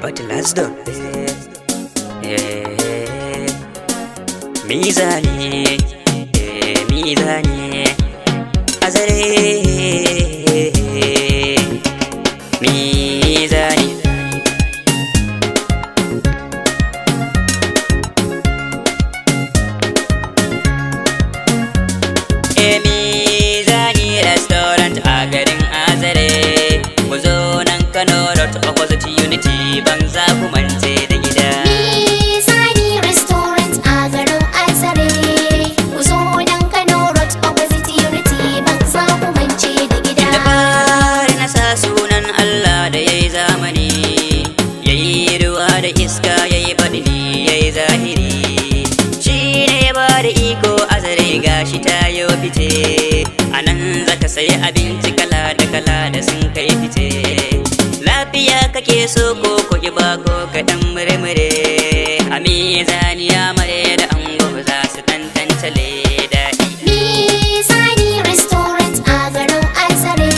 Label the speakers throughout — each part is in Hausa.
Speaker 1: But last don Mizani Mizani Azare sai abinci kala da kala da sun kai fice lafiya kake so ko kuɗi ba ko kaɗan murmure a mizani ya mare da ango za su tantance daɗi
Speaker 2: mizani restaurant a garin azare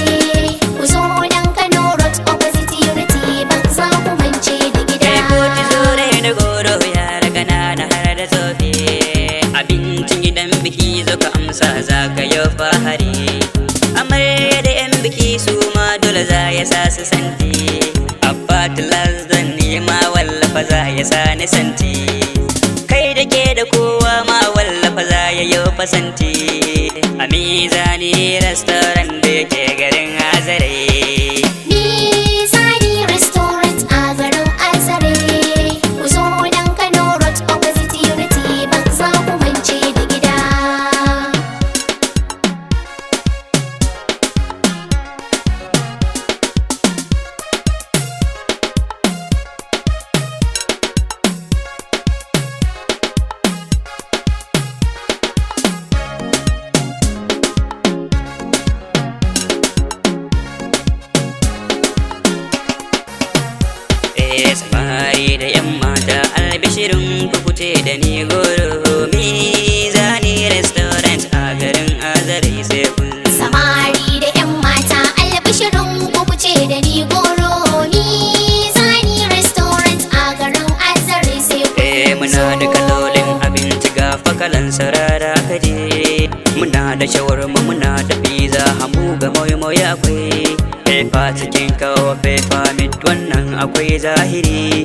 Speaker 2: ku zo nan kano road opposite unity ban za ku mance da gida kai
Speaker 1: ko da goro yara ganana har da tsofi abincin gidan biki zo ka amsa za ka yi fahari za ya sa su santi abba tilas zan nema wallafa za ya sa ni santi kai da ke da kowa ma wallafa za ya yau fasanti a mizani aure safari da yan mata albishirin ku kuce da ni goro mini zani restaurant a garin azare sai kun
Speaker 2: samari da yan mata albishirin ku kuce da ni goro zani restaurant a garin azare sai kun eh,
Speaker 1: muna da kalolin abinci ga fakalan sarara kaje muna da shawarma muna da biza hamu ga moyo-moyo akwai pepa cikin kawo pepa mit wannan akwai zahiri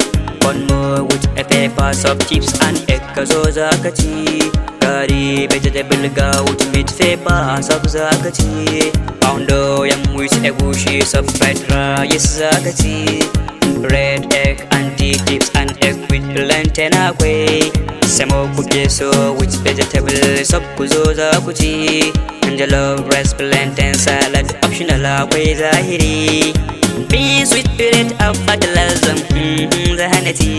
Speaker 1: one more with a pepa soft chips and egg ka zo za ka ci kari vegetable ga with meat pepa soft za ka ci poundo yam with egushi soft fried rice za ka ci bread egg and tea chips and egg with plantain akwai Samo kuke so with vegetable sub ku zo za ku ci love rice, plantain salad optional akwai zahiri be sweet spirit of fatalism mm-hmm, zahanati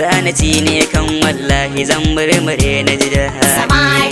Speaker 1: Zahanati ne kan wallahi zan murmure na ji da